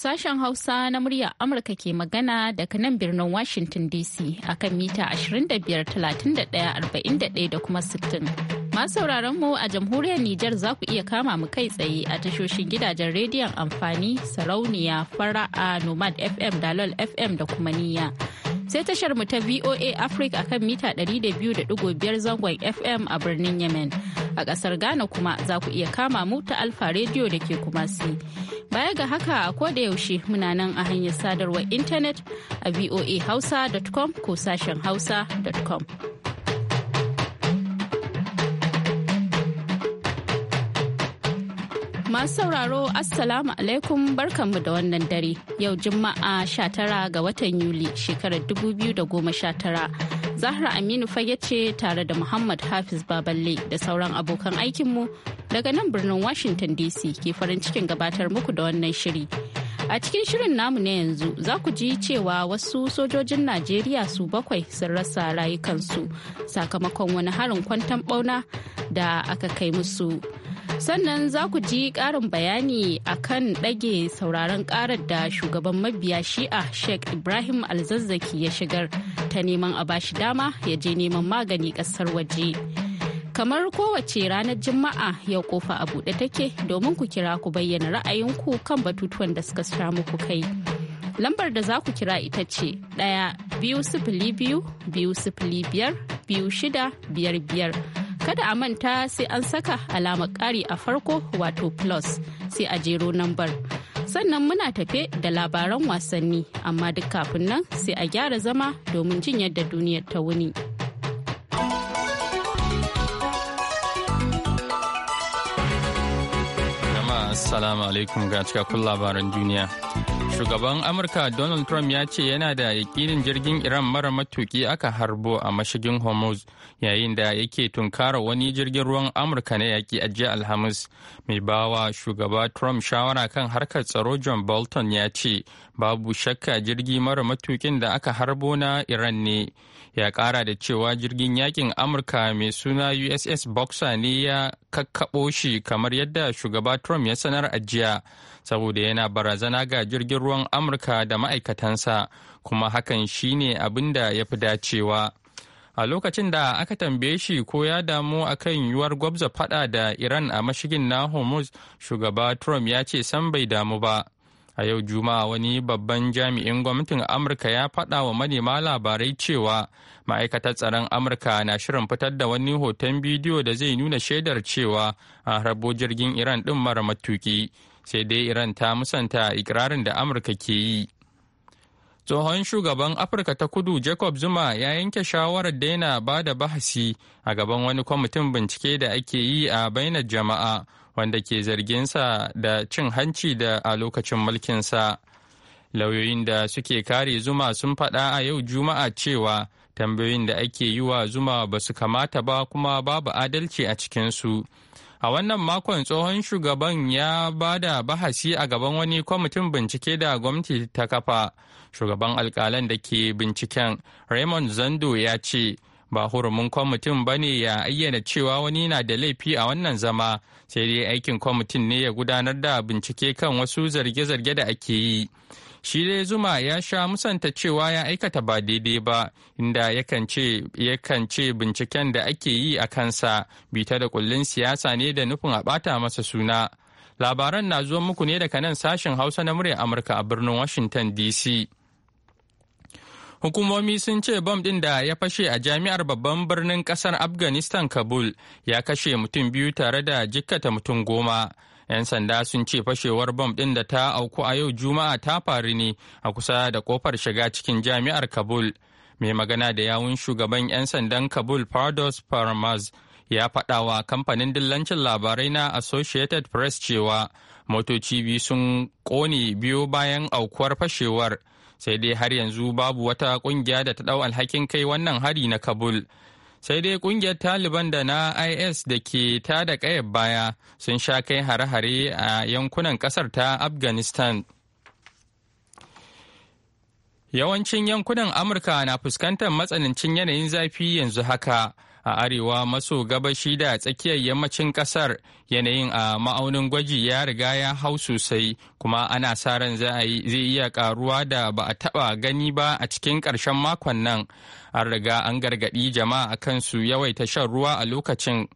Sashen Hausa na muryar Amurka ke magana daga nan birnin Washington DC a kan mita 25-31-41 da kuma 60. Masu sauraron mu a jamhuriyar Nijar za ku iya kama mu kai tsaye a tashoshin gidajen rediyon amfani sarauniya fara'a Nomad FM Dalol FM da kuma niyya. Sai tashar mu ta VOA Africa a kan mita 200.5 zangon FM a birnin Yemen. A ƙasar Ghana kuma za ku iya kama mu ta Alfa Radio da ke Kumasi. Baya ga haka a da yaushe muna nan a hanyar sadarwar intanet a voahausa.com ko sashen hausa.com. Masu sauraro Assalamu alaikum barkanmu da wannan dare yau Juma'a 19 ga watan Yuli shekarar 2019. Zahra Aminu fage ce tare da Muhammad Hafiz Baballe da sauran abokan aikinmu daga nan birnin Washington DC ke farin cikin gabatar muku da wannan shiri. A cikin shirin namu na yanzu za ku ji cewa wasu sojojin Najeriya su bakwai sun rasa rayukansu sakamakon wani harin kwantan bauna da aka kai musu. sannan za ku ji ƙarin bayani a kan ɗage sauraron ƙarar da shugaban mabiya shi'a sheikh ibrahim alzazzaki ya shigar ta neman a bashi dama ya je neman magani ƙasar waje kamar kowace ranar juma'a yau kofa a buɗe take domin ku kira ku bayyana ra'ayinku kan batutuwan da suka sha muku kai lambar da za ku kira ita ce ɗaya biyu sifili biyu biyu sifili biyar biyu shida biyar biyar kada a manta sai an saka alamar ƙari a farko wato plus sai a jero nambar sannan muna tafe da labaran wasanni amma duk kafin nan sai a gyara zama domin jin yadda duniyar ta wuni. Assalamu alaikum ga cikakkun labaran duniya. Shugaban Amurka Donald Trump ya ce yana da yakinin jirgin Iran mara matuki aka harbo a mashigin Hormuz yayin da yake tunkara wani jirgin ruwan Amurka na yaki a jiya Alhamis. Mai bawa shugaba Trump shawara kan harkar tsaro John Bolton ya ce babu shakka jirgi mara matukin da aka harbo na Iran ne. Ya kara da cewa jirgin yakin Amurka mai suna USS Boxer ne ya kakkaɓo shi kamar yadda shugaba Trump ya sanar a jiya. saboda yana barazana ga jirgin ruwan amurka da ma'aikatansa kuma hakan shine abin da ya fi dacewa a lokacin da aka tambaye shi ko ya damu akan yiwuwar gwabza fada da iran a mashigin na hormuz shugaba trump ya ce san bai damu ba a yau juma'a wani babban jami'in gwamnatin amurka ya faɗa wa manema labarai cewa ma'aikatar tsaron amurka na shirin fitar da wani hoton bidiyo da zai nuna shaidar cewa a harbo jirgin iran din mara matuki sai dai iran ta musanta ikirarin da amurka ke yi tsohon shugaban afirka ta kudu jacob zuma ya yanke shawarar daina ba da bahasi a gaban wani kwamitin bincike da ake yi a bainar jama'a wanda ke zarginsa da cin hanci da a lokacin mulkinsa lauyoyin da suke kare zuma sun faɗa a yau juma'a cewa tambayoyin da ake yi wa zuma ba su kamata ba kuma babu adalci a cikinsu. A wannan makon tsohon shugaban ya ba da bahasi a gaban wani kwamitin bincike da gwamnati ta kafa. Shugaban alkalan da ke binciken Raymond Zando ya ce, ba hurumin kwamitin ba ne ya ayyana cewa wani na da laifi a wannan zama, sai dai aikin kwamitin ne ya gudanar da bincike kan wasu zarge-zarge da ake yi. shi dai zuma ya sha musanta cewa ya aikata ba daidai ba inda yakan ce binciken da ake yi a kansa bita da kullun siyasa ne da nufin a bata masa suna labaran na zuwa muku ne daga nan sashen hausa na murya amurka a birnin washington dc hukumomi sun ce bom ɗin da ya fashe a jami'ar babban birnin ƙasar afghanistan kabul ya kashe mutum biyu tare da jikkata mutum goma 'Yan sanda sun ce fashewar bom ɗin da ta auku a yau Juma'a ta faru ne a kusa da kofar shiga cikin jami'ar Kabul. Mai magana da yawun shugaban 'yan sandan Kabul Pardos paramaz ya faɗa kamfanin dillancin labarai na Associated Press cewa motoci biyu sun ƙone biyo bayan aukuwar fashewar. sai dai har yanzu babu wata kungiya da ta dau alhakin kai wannan hari na kabul sai dai kungiyar taliban da na is da ke ta da kayar baya sun sha kai hare-hare a yankunan kasar ta afghanistan yawancin yankunan amurka na fuskantar matsanancin yanayin zafi yanzu haka a arewa maso gabashi da tsakiyar yammacin kasar yanayin a ma'aunin gwaji ya riga ya hau sosai kuma ana sa ran zai iya karuwa da ba a taba gani ba a cikin ƙarshen makon nan an riga an gargaɗi jama'a kan su yawaita shan ruwa a lokacin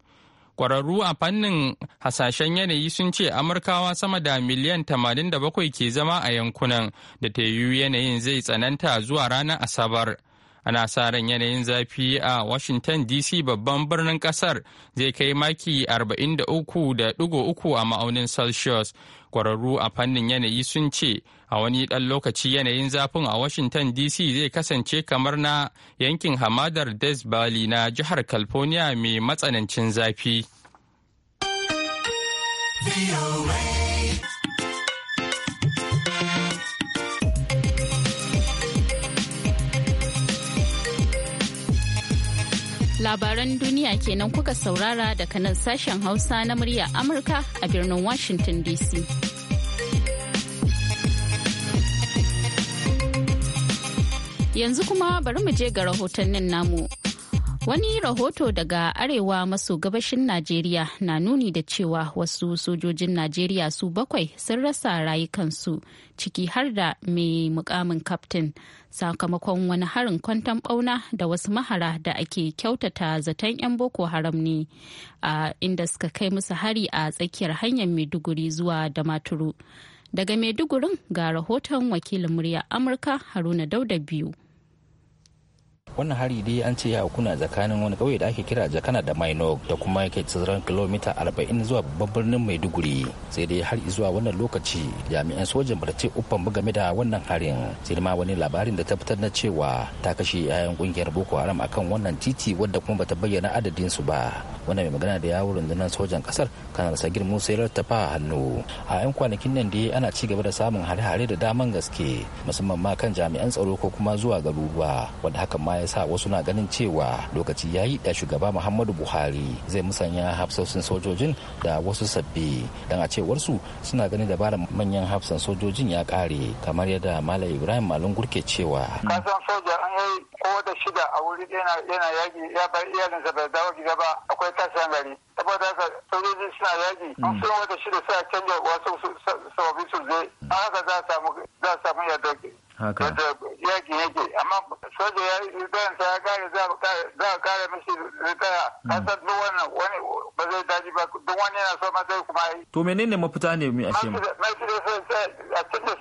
kwararru a fannin hasashen yanayi sun ce amurkawa sama da miliyan 87 ke zama a yankunan da ta yiwu yanayin zai tsananta zuwa ranar asabar ana sa ran yanayin zafi a washington dc babban birnin kasar zai kai maki 43.3 a ma'aunin celsius kwararru a fannin yanayi sun ce a wani ɗan lokaci yanayin zafin a washington dc zai kasance kamar na yankin hamadar des valley na jihar california mai matsanancin zafi. labaran duniya kenan kuka saurara daga nan sashen Hausa na murya Amurka a birnin Washington DC. Yanzu kuma bari mu je ga rahotannin namu. Wani rahoto daga Arewa maso gabashin Najeriya na nuni da cewa wasu sojojin Najeriya su bakwai sun rasa rayukansu ciki har da mai mukamin kaftin sakamakon wani harin kwantan bauna da wasu mahara da ake kyautata zaton 'yan Boko Haram ne a inda suka kai musu hari a tsakiyar hanyar Maiduguri zuwa Damaturu. Daga Maidugurin ga rahoton wakilin murya Amurka Haruna Dauda biyu. wannan hari dai an ce ya kuna tsakanin wani kauye da ake kira jakana da mainok da kuma yake tsiran kilomita 40 zuwa babban birnin maiduguri sai dai har zuwa wannan lokaci jami'an sojan ba ce uffan game da wannan harin sai ma wani labarin da ta fitar na cewa ta kashe 'ya'yan kungiyar boko haram akan wannan titi wadda kuma bata bayyana adadin su ba wannan mai magana da yawo rundunar sojan kasar kanar sagir musa ya tafa hannu a 'yan kwanakin nan dai ana ci gaba da samun hare-hare da daman gaske musamman ma kan jami'an tsaro ko kuma zuwa garuruwa wanda hakan ma ya ya sa wasu na ganin cewa lokaci ya yi da shugaba muhammadu buhari zai musanya hafsosin sojojin da wasu sabbi don a cewarsu suna ganin dabarar manyan hafsan sojojin ya kare kamar yadda malam ibrahim malum gurke cewa kasan soja an yi ko da shida a wuri yana yaki ya bar iyalinsa bai dawo gida ba akwai tashin gari saboda haka sojoji suna yaki an mm. sun wata shida sai a canja wasu sababbi su je mm. haka za a samu yadda yaki yake amma soja ya yi ritaya sa ya kare za a kare mishi ritaya kasar duk wannan wani ba zai daji ba duk wani yana so ma zai kuma yi. to menene mafita ne mai ashe ma. masu da a cikin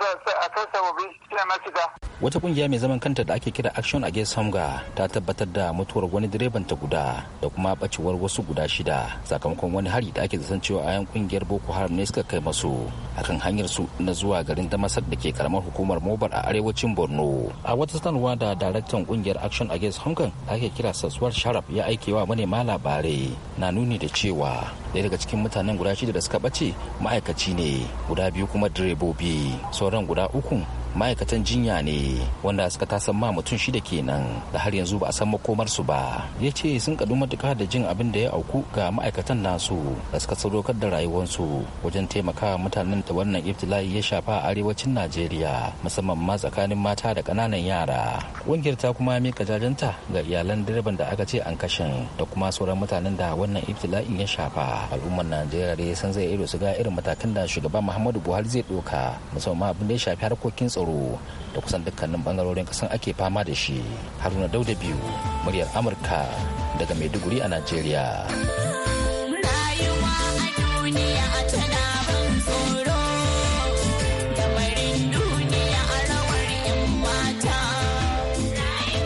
a kan sababin shi ne mafita. wata kungiya mai zaman kanta da ake kira action against hunger ta tabbatar da mutuwar wani direban ta guda da kuma bacewar wasu guda shida sakamakon wani hari da ake zaton cewa ayan kungiyar boko haram ne suka kai masu akan hanyar su na zuwa garin damasar da ke karamar hukumar mobar a arewacin borno a wata sanarwa da daraktan kungiyar action against hunger da ake kira sassuwar sharaf ya aike wa manema labarai na nuni da cewa daya daga cikin mutanen guda shida da suka bace ma'aikaci ne guda biyu kuma direbobi sauran guda uku ma'aikatan jinya ne wanda suka san ma mutum shida kenan da har yanzu ba a san makomarsu ba ya ce sun kadu matuƙa da jin abin da ya auku ga ma'aikatan nasu da suka sadaukar da rayuwarsu wajen taimaka mutanen da wannan iftila'i ya shafa a arewacin najeriya musamman ma tsakanin mata da ƙananan yara ƙungiyar ta kuma mika jajanta ga iyalan direban da aka ce an kashin da kuma sauran mutanen da wannan iftila'in ya shafa al'ummar najeriya dai sun zai ido su irin matakan da shugaban muhammadu buhari zai ɗauka musamman abin da ya shafi harkokin tsaro tsaro da kusan dukkanin bangarorin kasan ake fama da shi haruna dauda biyu muryar amurka daga maiduguri a najeriya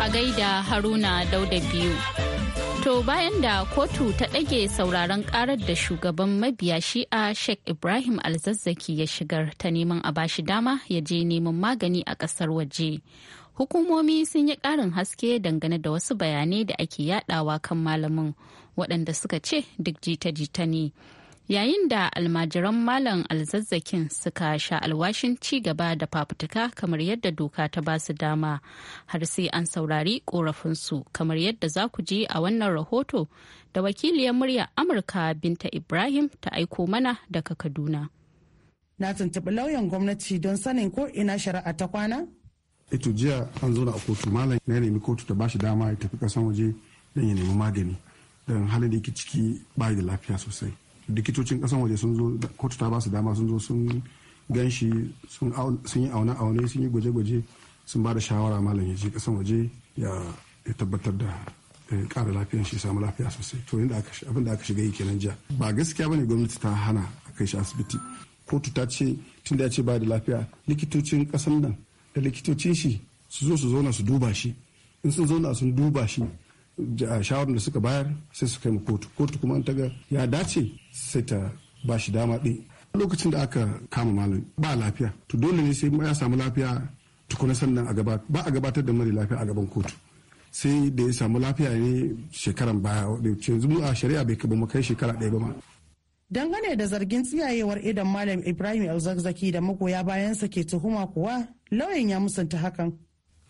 a gaida haruna dauda biyu To bayan da kotu ta ɗage sauraron ƙarar da shugaban mabiya shi'a Sheikh Ibrahim Alzazzaki ya shigar ta neman a bashi dama ya je neman magani a ƙasar waje. Hukumomi sun yi ƙarin haske dangane da wasu bayanai da ake yaɗawa kan malamin waɗanda suka ce duk jita-jita ne yayin da almajiran malam alzazzakin suka sha alwashin ci gaba da fafutuka kamar yadda doka ta ba su dama har sai an saurari korafinsu kamar yadda za ku ji a wannan rahoto da wakiliyar murya amurka binta ibrahim ta aiko mana daga kaduna na tuntuɓi lauyan gwamnati don sanin ko ina shari'a ta kwana ito jiya an zo a kotu malam ya nemi kotu ta bashi dama ya tafi kasan waje don ya nemi magani don halin da yake ciki bayi da lafiya sosai likitocin kasan waje sun zo kotu ta ba su dama sun zo sun gan shi sun yi aune aune sun yi gwaje-gwaje sun ba da shawara malam ya je kasan waje ya tabbatar da kara eh, lafiyar shi samu lafiya sosai to yadda abin da aka shiga yi kenan jiya ba gaskiya bane gwamnati ta hana a kai shi asibiti kotu ta ce tunda ya ce ba da lafiya likitocin kasan nan da likitocin shi su zo su zauna su duba shi in sun zauna sun duba shi shawarar da suka bayar sai su kai mu kotu kotu kuma an taga ya dace sai ta ba shi dama ɗin lokacin da aka kama malam ba lafiya to dole ne sai ya samu lafiya tukuna sannan a gaba ba a gabatar da mara lafiya a gaban kotu sai da ya samu lafiya ne shekaran baya ce mu a shari'a bai kaba mu kai shekara ɗaya ba ma dangane da zargin tsiyayewar idan malam ibrahim elzakzaki da magoya bayansa ke tuhuma kuwa lauyan ya musanta hakan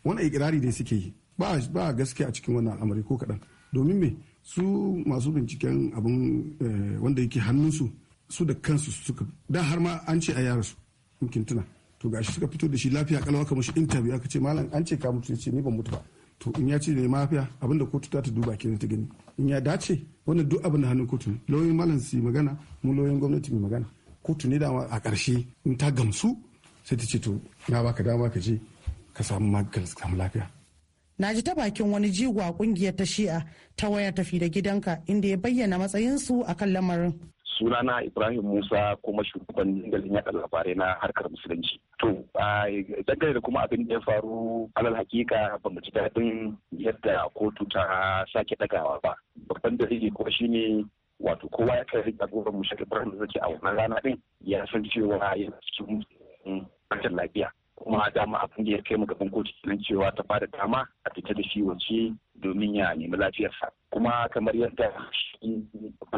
wani ikirari ne suke yi ba ba gaskiya a cikin wannan al'amari ko kaɗan domin me su masu binciken abin eh, wanda yake hannunsu su da kansu suka da har ma an ce a yara su mukin tuna to gashi suka fito da shi lafiya kalawa kamar shi interview aka ce malam an ce ka mutu ce ni ban mutu ba to in ya ce ne mafiya abinda kotu ta ta duba kenan ta gani in ya dace wannan duk abin da hannun kotu ne lauyoyin malam su magana mu lauyoyin gwamnati mu magana kotu ne dama a ƙarshe in ta gamsu sai ta ce to na baka dama ka je ka samu maganin samu lafiya na ji ta bakin wani jigo a kungiyar ta shi'a ta wayar tafi da gidanka inda ya bayyana matsayinsu a kan lamarin. suna na ibrahim musa kuma shugaban dandalin yaɗa labarai na harkar musulunci to dangane da kuma abin da ya faru alal hakika ban ji daɗin yadda kotu ta sake ɗagawa ba babban dalili kuma shine wato kowa ya kai jagoran mu shek ibrahim da zake a wannan rana din ya san cewa yana cikin rashin lafiya kuma dama abin da ya kai mu gaban kotu cewa ta bada dama a fita da shi wace domin ya nemi lafiyarsa kuma kamar yadda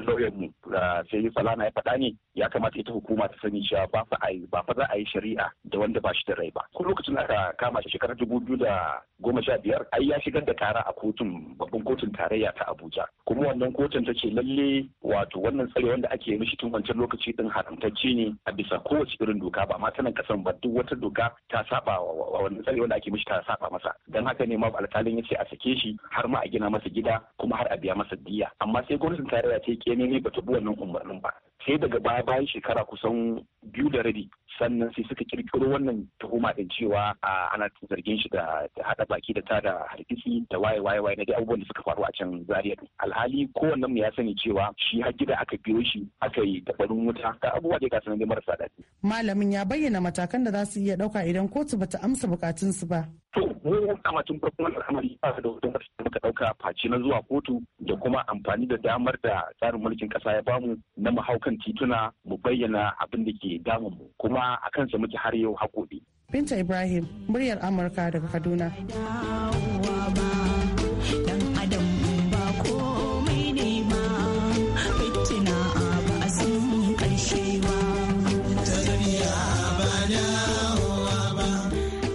lauyan mu ah, sai yi falana ya faɗa ne ya kamata ita hukuma ta sani cewa ba fa ai ba fa za a yi shari'a da wanda ba shi da rai ba ko lokacin aka kama shi shekarar dubu biyu da goma sha biyar ai ya shigar da kara a kotun babban kotun tarayya ta Abuja kuma wannan kotun ta ce lalle wato wannan tsare wanda ake mishi tun wancan lokaci din haramtacce ne a bisa kowace irin doka ba ma ta kasan ba duk wata doka ta saba wa wannan tsare wanda ake mishi ta saba masa Don haka ne ma alkalin ya ce a sake shi har ma a gina masa gida kuma har a biya masa diya amma sai gwamnatin tarayya ce ke ne ba ta bi wannan umarnin ba sai daga baya bayan shekara kusan biyu da rabi sannan sai suka kirkiro wannan tuhuma din cewa ana zargin shi da haɗa baki da tada hargitsi da waye waye waye na dai abubuwan da suka faru a can zariya alhali kowannen mu ya sani cewa shi har gida aka biyo shi aka yi dabarun wuta ka abubuwa dai ga sanan marasa daɗi malamin ya bayyana matakan da za su iya ɗauka idan kotu bata amsa bukatun su ba to mu kama tun farkon al'amari ba da wata da muka ɗauka face na zuwa kotu da kuma amfani da damar da tsarin mulkin ƙasa ya bamu na mu hau kan tituna mu bayyana abin da ke damun mu kuma kuma a kansa muke har yau haƙoɗi. Binta Ibrahim, muryar Amurka daga Kaduna.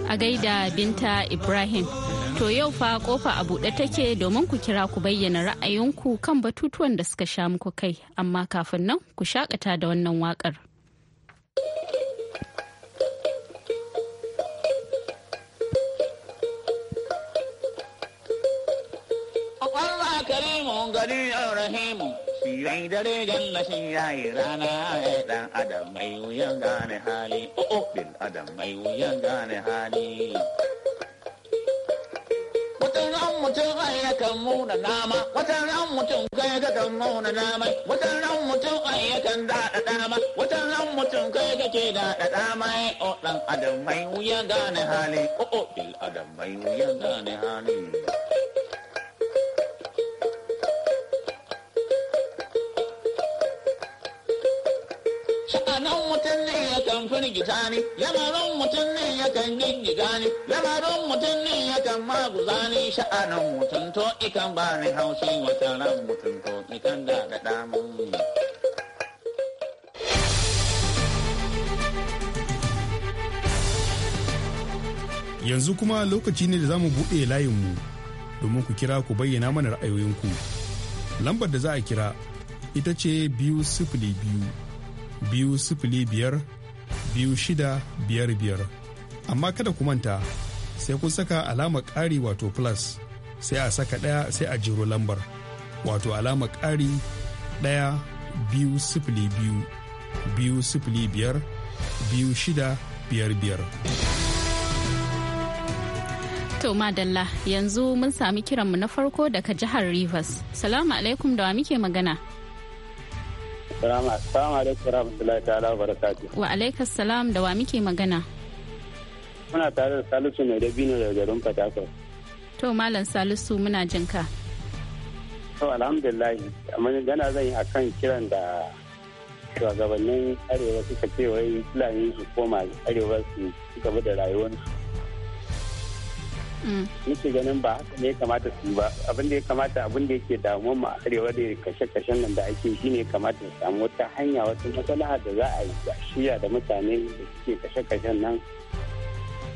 A gaida Binta Ibrahim. To yau fa kofa a buɗe take domin ku kira ku bayyana ra'ayinku kan batutuwan da suka sha muku kai, amma kafin nan ku shakata da wannan waƙar. rahimu gari ya oh, rahimu shi yai dare janna shi yayi rana ya dan adam mai wuya gane hali o'o oh, oh, bil adam mai wuya gane hali watan ran mutum ai yakan muna nama watan ran mutum kai ga kan muna nama watan ran mutum ai yakan dada dama watan ran mutum kai ga ke dada dama o dan adam mai wuya gane hali o'o bil adam mai wuya gane hali nan mutum ne ya kan gita ne lamarin mutum ne ya kan gingiga ne lamarin mutum ne ya kan maguza ne sha'anin mutum to ikan ba ni haushi wata ran mutum to ikan da da damun Yanzu kuma lokaci ne da za mu buɗe layinmu domin ku kira ku bayyana mana ra'ayoyinku. Lambar da za a kira ita ce biyu sifili biyu biyu sifili biyar biyu shida biyar biyar amma kada ku manta sai kun saka alama ƙari wato plus sai a saka ɗaya sai a jiro lambar wato alama ƙari ɗaya biyu sifili biyu biyu sifili biyar biyu shida biyar biyar. To madalla yanzu mun sami kiranmu na farko daga jihar Rivers. Salamu alaikum da wa muke magana. Salamu alaikum ta'ala wa barakatuh. salam da wa muke magana. Muna tare da Salisu mai dabino da garin Fatakwal. To Malam Salisu muna jinka. ka. To alhamdulillah gana zan yi akan kiran da shugabannin arewa suka ce wai Fulani su koma arewa su gaba da rayuwarsu. nake ganin ba haka ne ya kamata su ba abin da ya kamata abin da yake damuwa mu arewa da kashe-kashen nan da ake shi ne kamata su samu wata hanya wata matsala da za a yi ba shiya da mutane da suke kashe-kashen nan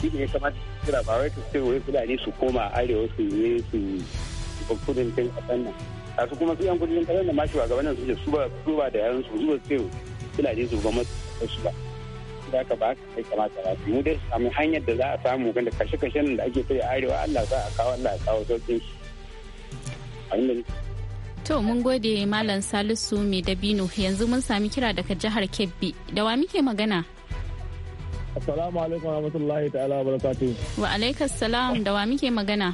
shi ne ya kamata su kira ba wai su ce wai fulani su koma arewa su ne su kudancin kasan nan a su kuma su yan kudancin kasan nan ma shugabannin su ne su ba da yaran su zuwa su fulani su ba masu ba. da aka ba kai kamata ba mu dai samu hanyar da za a samu ganda kashe kashen da ake kai arewa Allah za a kawo Allah ya kawo sauƙin shi to mun gode malam salisu mai dabino yanzu mun sami kira daga jihar kebbi da wa muke magana assalamu alaikum warahmatullahi ta'ala barakatuh wa alaikum salam da wa muke magana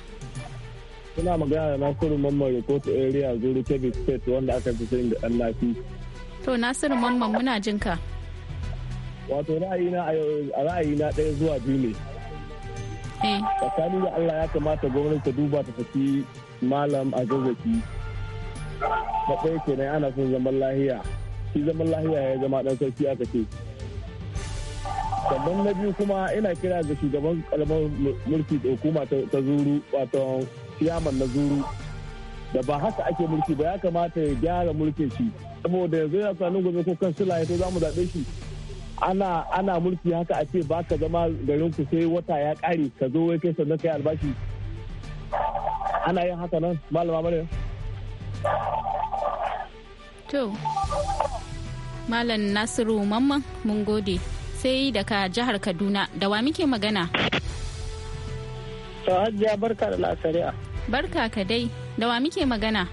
Suna magana da Nasiru Mamman Report Area Zuru Kebbi State wanda aka fi sani da ɗan nafi. To Nasiru Mamman muna jinka. ka. wato ra'ayina a ra'ayina ɗaya zuwa biyu ne eh. tsakanin da Allah ya kamata gwamnati ta duba ta tafi malam a zazzaki na ɗaya ana son zaman lahiya shi zaman lahiya ya zama ɗan sarki aka ce sannan na biyu kuma ina kira ga shugaban kalmar mulki da hukuma ta zuru wato siyaman na zuru da ba haka ake mulki ba ya kamata ya gyara mulkin shi saboda yanzu ya sami gobe ko kansila ya to za mu zaɓe shi ana ana mulki haka a ce ba ka zama garin ku sai wata ya kare ka zo wai kai sannan kai albashi ana yin haka nan malama maryam to malam nasiru mamman mun gode sai daga jihar kaduna da wa muke magana to hajiya barka da lasariya barka ka dai da wa muke magana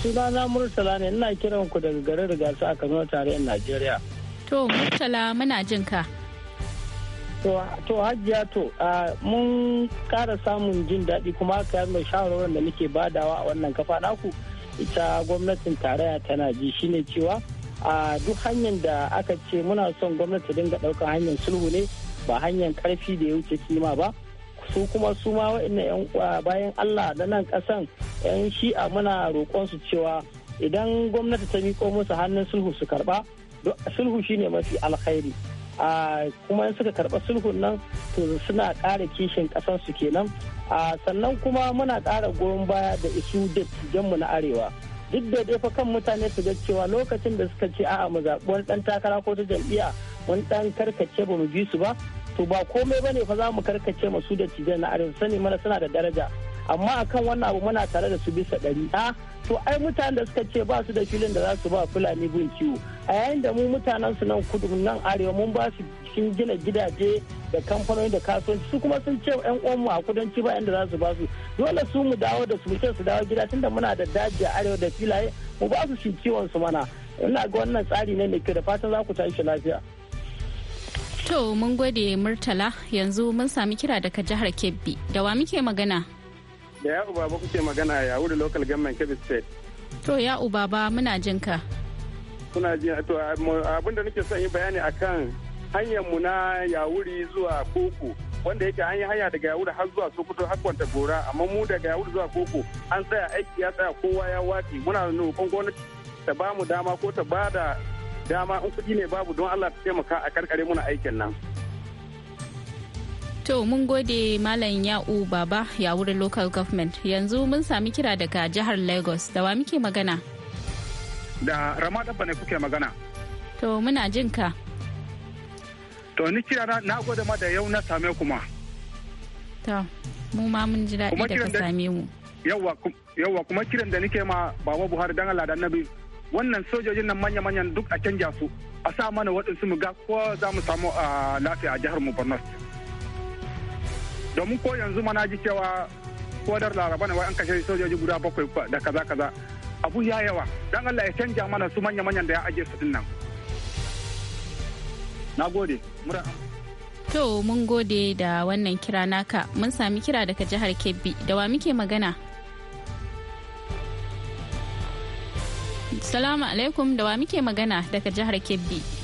sunana murtala ne ina kiran ku daga garin rigasa a kano tarayyar najeriya To Murtala muna jin ka. To hajjiya to mun kara samun jin daɗi kuma yi mai shawarwar da nake badawa a wannan kafa naku ita gwamnatin tarayya tana ji shine cewa a duk hanyar da aka ce muna son gwamnati dinga ɗaukar hanyar sulhu ne ba hanyar ƙarfi da ya wuce kima ba su kuma su ma wa'in bayan Allah da nan ƙasan 'yan shi'a muna roƙon su cewa idan gwamnati ta miƙo musu hannun sulhu su karɓa sulhu shine mafi alkhairi a kuma in suka karɓa sulhun nan to suna ƙara kishin ƙasarsu kenan a sannan kuma muna ƙara goyon baya da isu mu na arewa duk da dai fa kan mutane su ga cewa lokacin da suka ce a'a mu zaɓi wani ɗan takara ko ta jam'iyya wani ɗan karkace ba mu bi su ba to ba komai ba ne fa za mu karkace masu dattijan na arewa sani mana suna da daraja amma akan wannan abu muna tare da su bisa ɗari a ah, to ai mutanen da suka ce ba su da filin da za su ba fulani bin kiwo a yayin da mu mutanen su nan kudu nan arewa mun ba su cikin gina gidaje da kamfanoni da kasuwanci su kuma sun ce yan mu a kudanci ba yanda za su ba su dole su mu dawo da su mu ce su dawo gida tunda muna da daji a arewa da filaye mu ba su shi kiwon su mana ina ga wannan tsari ne mai kyau da fatan za ku tashi lafiya. To mun gode Murtala yanzu mun sami kira daga jihar Kebbi da wa muke magana? da ya uba ba kuke magana ya wuri local government kebbi state to ya uba ba muna jin ka kuna ji to abin da nake son yi bayani akan hanyar mu na yawuri zuwa koko wanda yake an yi hanya daga yawuri har zuwa sokoto har kwanta gora amma mu daga yawuri zuwa koko an tsaya aiki ya tsaya kowa ya wace muna da nufin gwamnati ta ba mu dama ko ta ba da dama in kuɗi ne babu don allah ta taimaka a karkare muna aikin nan To mun gode Malam Ya'u Baba ya wurin local government yanzu mun sami kira daga jihar Lagos da wa muke magana? Da Ramada ne kuke magana. To muna jin ka. To ni kira na gode ma da yau na same kuma. To mu ma mun ji daɗi da ka same mu. Yawwa kuma kiran da nike ma Baba Buhari dan Allah da Annabi wannan sojojin nan manya-manyan duk a canja su a sa mana waɗansu mu ga ko za mu samu ah, lafiya a jihar mu Borno. domin ko yanzu mana ji cewa kodar laraba ne wai an kashe sojoji guda bakwai da kaza kaza abu ya yawa dan Allah ya canja mana su manya manyan da ya aje su dinnan nagode mura to mun gode da wannan kira naka mun sami kira daga jihar Kebbi da wa muke magana salamu alaikum da wa muke magana daga jihar Kebbi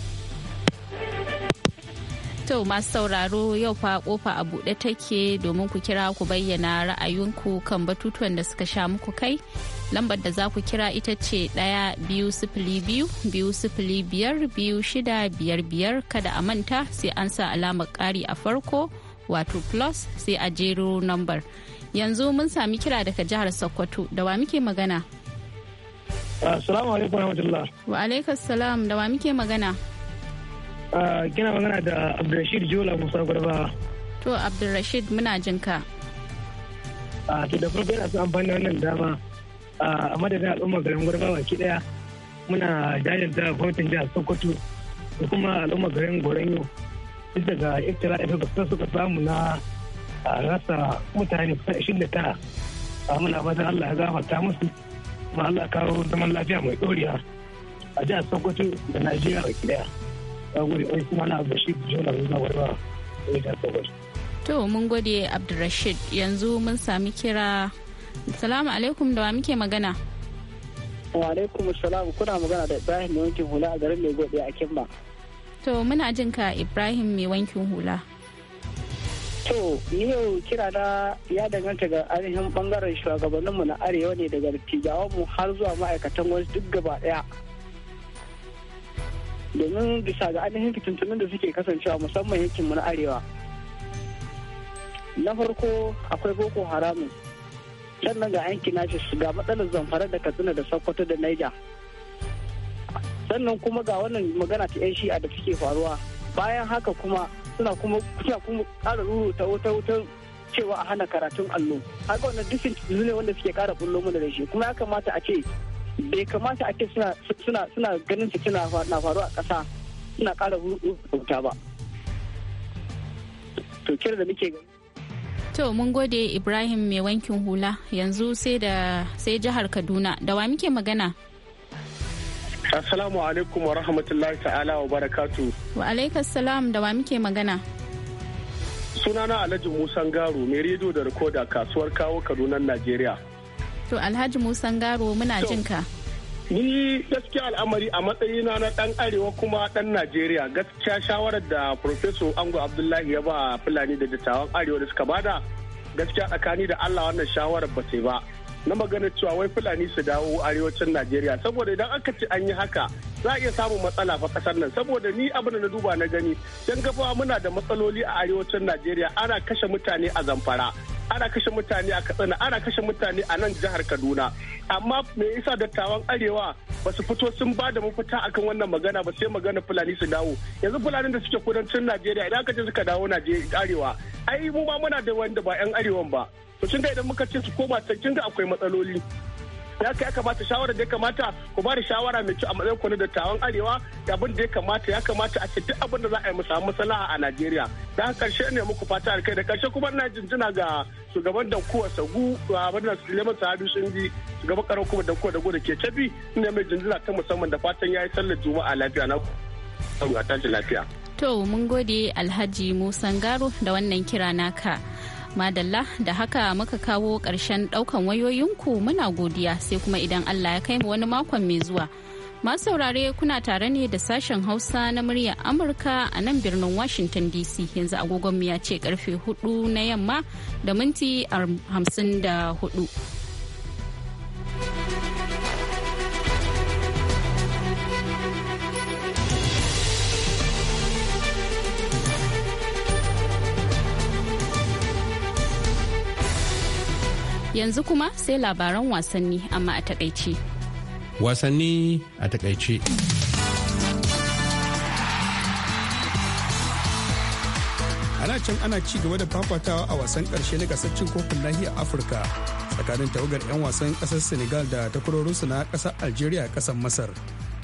To masu sauraro yau fa kofa a buɗe take domin ku kira ku bayyana ra'ayinku kan batutuwan da suka sha muku kai. Lambar da za ku kira ita ce ɗaya biyu sifili biyu biyu sifili biyar biyu shida biyar biyar kada a manta sai an sa alamar ƙari a farko wato plus sai a jero lambar. Yanzu mun sami kira daga jihar Sokoto da wa muke magana? Assalamu alaikum wa rahmatullah. Wa alaikum salam da wa muke magana? Ah, kina magana da Abdulrashid Jola Musa Gurba. To Abdulrashid muna jin ka. Ah, to da farko yana su amfani da wannan dama ah, a madadin al'umma garin Gurba baki daya muna da gwamnatin jihar Sokoto da kuma al'umma garin Gorenyo duk daga iftira'i da suka samu na rasa mutane kusan tara a muna fatan Allah ya gafarta musu kuma Allah kawo zaman lafiya mai ɗoriya a jihar Sokoto da Najeriya baki daya. gode wai kuma na Bashir Jola Runa ne da To mun gode Abdulrashid yanzu mun sami kira. Salamu alaikum da wa muke magana. Wa alaikum salam kuna magana da Ibrahim mai wankin hula a garin mai gode a Kimba. To muna jin ka Ibrahim mai wankin hula. To ni yau kira na ya danganta ga ainihin bangaren shugabanninmu na arewa ne daga mu har zuwa ma'aikatan wasu duk gaba daya. domin bisa ga ainihin fitintunin da suke kasancewa musamman yankinmu na arewa na farko akwai boko haramun sannan ga yanki nashis ga matsalar zamfara da katsina da sokoto da naija sannan kuma ga wannan magana ta yan shi'a da suke faruwa bayan haka kuma suna kuma suna kuma ƙara ruruta wata wutar cewa a hana karatun allo haka wannan dukkan ne wanda suke kara bullo mana da shi kuma ya kamata a ce bai kamata ake suna ganin su suna na faru a ƙasa suna ƙara wuta ba to kira da muke gani to mun gode ibrahim mai wankin hula yanzu sai da sai jihar kaduna da wa muke magana assalamu alaikum wa rahmatullahi ta'ala wa barakatu wa alaikas salam da wa muke magana sunana alhaji Musa garu mai rediyo da rikoda kasuwar kawo kaduna najeriya To Alhaji Musan Garo muna jin ka. Ni gaskiya al'amari a matsayina na dan arewa kuma ɗan Najeriya gaskiya shawarar da Profesor Ango Abdullahi ya ba Fulani da dattawan arewa da suka bada gaskiya tsakani da Allah wannan shawarar ba sai ba. Na magana cewa wai Fulani su dawo arewacin Najeriya saboda idan aka ci an yi haka za a iya samun matsala fa kasar nan saboda ni abin da na duba na gani don gaba muna da matsaloli a arewacin najeriya ana kashe mutane a zamfara ana kashe mutane a katsina ana kashe mutane a nan jihar kaduna amma me yasa dattawan arewa ba su fito sun ba da mafita akan wannan magana ba sai magana fulani su dawo yanzu fulani da suke kudancin najeriya idan aka ce suka dawo najeriya arewa ai mu ma muna da wanda ba yan arewan ba to kin ga idan muka ce su koma can kin ga akwai matsaloli ya ka ya kamata shawara da ya kamata ku ba shawara mai kyau a matsayin kwanu da tawon arewa da abin da ya kamata ya kamata a ce duk abin da za a yi mu samu a Najeriya da haka karshe ne muku fata alkai da karshe kuma ina jinjina ga shugaban da kuwa sagu a su suleiman sa'adu sun bi shugaban karo kuma da kuwa da ke cabi ina mai jinjina ta musamman da fatan ya yi sallar juma'a lafiya na a ta lafiya. to mun gode alhaji musan da wannan kira naka. Madalla da haka muka kawo ƙarshen ɗaukan wayoyinku muna godiya sai kuma idan Allah ya kai mu wani makon mai zuwa. Masu saurare kuna tare ne da sashen Hausa na muryar Amurka a nan birnin Washington DC yanzu agogonmu ya ce karfe 4 na yamma da minti 54. Yanzu kuma sai labaran wasanni amma a takaice. Wasanni a takaice. Ana can ana ci gaba da fafatawa a wasan karshe na gasar cin kofin nahiyar Afirka tsakanin tawagar 'yan wasan kasar Senegal da takwarorinsu na kasar Algeria kasar Masar.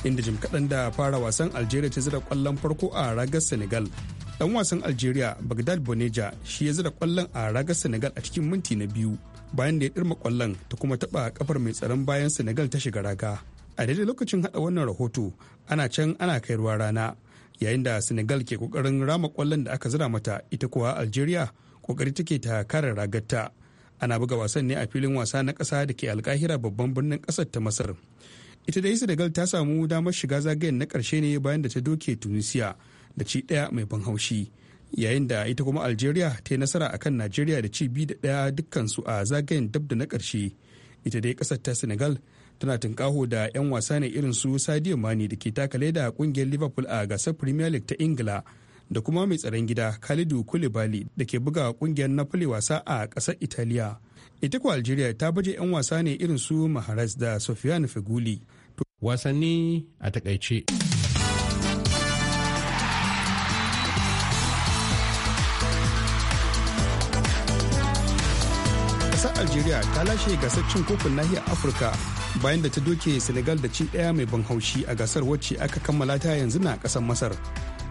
Inda jim kaɗan da fara wasan Algeria ta zira kwallon farko a ragar Senegal. ɗan wasan Algeria Bagdad Boneja shi ya zira kwallon a ragar Senegal a cikin minti na biyu. bayan da ya ɗirma kwallon ta kuma taɓa kafar mai tsaron bayan senegal ta shiga raga a daidai lokacin haɗa wannan rahoto ana can ana kai ruwa rana yayin da senegal ke kokarin rama kwallon da aka zira mata ita kuwa algeria ƙoƙari take ta kare ragarta ana buga wasan ne a filin wasa na ƙasa da ke alkahira babban birnin ƙasar ta masar ita dai senegal ta samu damar shiga zagayen na karshe ne bayan da ta doke tunisia da ci ɗaya mai ban haushi yayin da ita kuma algeria ta yi nasara akan najeriya da ci biyu da ɗaya dukkansu a zagayen dab da na ƙarshe ita dai ƙasar ta senegal tana tunkaho da 'yan wasa ne irin su sadio mani da ke leda da ƙungiyar liverpool a gasar premier league ta ingila da kuma mai tsaron gida khalidu kulibali da ke buga ƙungiyar napoli wasa a ƙasar italiya ita kuwa algeria ta baje 'yan wasa ne irin su maharas da sofiane feguli wasanni a takaice najeriya ta lashe gasar cin kofin nahiyar afirka bayan da ta doke senegal da ci ɗaya mai ban haushi a gasar wacce aka kammala ta yanzu na ƙasar masar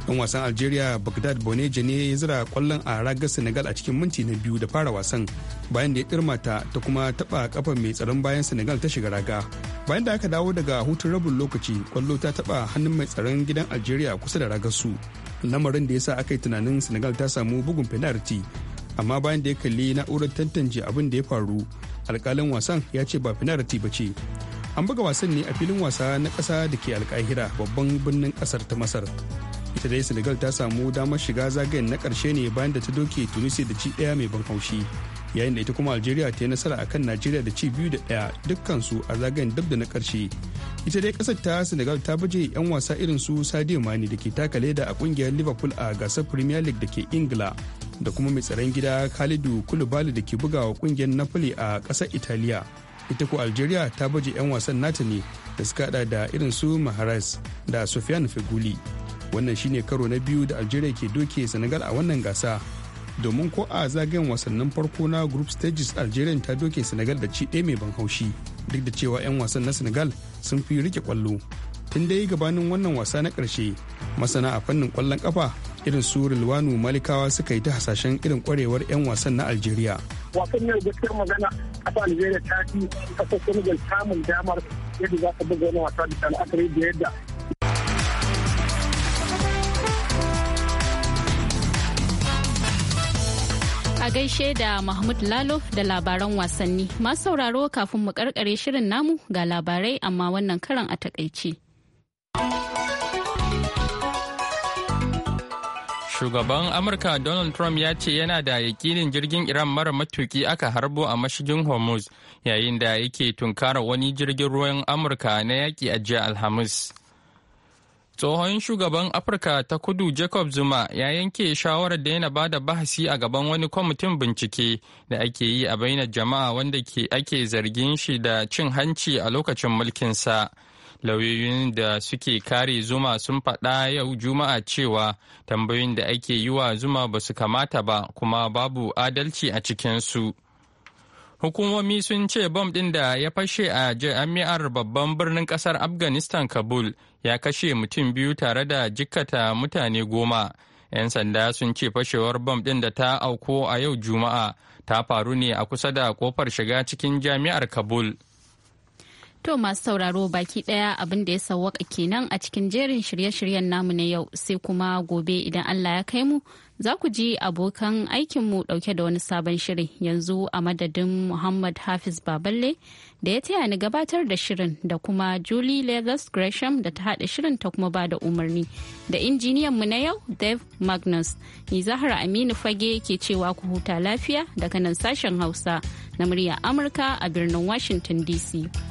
dan wasan algeria bagdad boneje ne ya zira kwallon a ragar senegal a cikin minti na biyu da fara wasan bayan da ya kirmata ta kuma taɓa ƙafa mai tsaron bayan senegal ta shiga raga bayan da aka dawo daga hutun rabin lokaci kwallo ta taɓa hannun mai tsaron gidan algeria kusa da ragar su lamarin da ya sa aka yi tunanin senegal ta samu bugun penalty amma bayan da ya kalli na'urar tantance abin da ya faru alkalin wasan ya ce ba finarati ba ce an buga wasan ne a filin wasa na ƙasa da ke alkahira babban birnin ƙasar ta masar ita dai senegal ta samu damar shiga zagayen na ƙarshe ne bayan da ta doke tunisia da ci ɗaya mai ban haushi yayin da ita kuma algeria ta yi nasara akan najeriya da ci biyu da ɗaya dukkansu a zagayen dab da na ƙarshe ita dai ƙasar ta senegal ta baje 'yan wasa irin su sadio mani da ke taka leda a ƙungiyar liverpool a gasar premier league da ke ingila da kuma mai tsaron gida Khalidu Kulubali da ke bugawa kungiyar Napoli a ƙasar Italiya. Ita ko Algeria ta baje 'yan wasan nata ne da suka hada da irin su Mahrez da sofian Feguli. Wannan shine karo na biyu da Algeria ke doke Senegal a wannan gasa. Domin ko a zagayen wasannin farko na group stages Algeria ta doke Senegal da ci ɗaya mai ban haushi duk da cewa 'yan wasan na Senegal sun fi rike kwallo. Tun dai gabanin wannan wasa na ƙarshe masana a fannin ƙwallon ƙafa irin su rilwanu malikawa suka yi ta hasashen irin kwarewar 'yan wasan na algeria wasan yau gaskiyar magana kasa algeria ta fi kasar senegal samun damar yadda za ta buga wani wasa da al'akari da yadda a gaishe da Mahmud Lalo da labaran wasanni. Masu sauraro kafin mu karkare shirin namu ga labarai amma wannan karan a takaice. Shugaban Amurka Donald Trump ya ce yana da yakinin jirgin Iran mara matuki aka harbo a mashigin Hormuz yayin da yake tunkara wani jirgin ruwan Amurka na yaƙi a jiya Alhamis. Tsohon shugaban Afirka ta kudu Jacob Zuma ya yanke shawarar da yana bada bahasi a gaban wani kwamitin bincike da ake yi a bainar jama'a wanda ake zargin shi da cin hanci a lokacin mulkinsa. sa. lauyoyin da suke kare zuma sun faɗa yau juma'a cewa tambayoyin da ake yi wa zuma ba su kamata ba kuma babu adalci a cikinsu hukumomi sun ce bom ɗin da ya fashe a jami'ar babban birnin ƙasar afghanistan kabul ya kashe mutum biyu tare da jikkata mutane goma 'yan sanda sun ce fashewar bom ɗin da ta auko a yau juma'a ta faru ne a kusa da kofar shiga cikin jami'ar kabul To masu sauraro baki ɗaya abin da ya sauwaka kenan a cikin jerin shirye-shiryen namu na yau sai kuma gobe idan Allah ya kai mu za ku ji abokan aikinmu ɗauke da wani sabon shiri yanzu a madadin Muhammad Hafiz Baballe da ya taya ni gabatar da shirin da kuma Julie Leathers Gresham da ta haɗa shirin ta kuma ba da umarni da injiniyan mu na yau Dave Magnus. Ni Zahra Aminu Fage ke cewa ku huta lafiya daga nan sashen Hausa na murya Amurka a birnin Washington DC.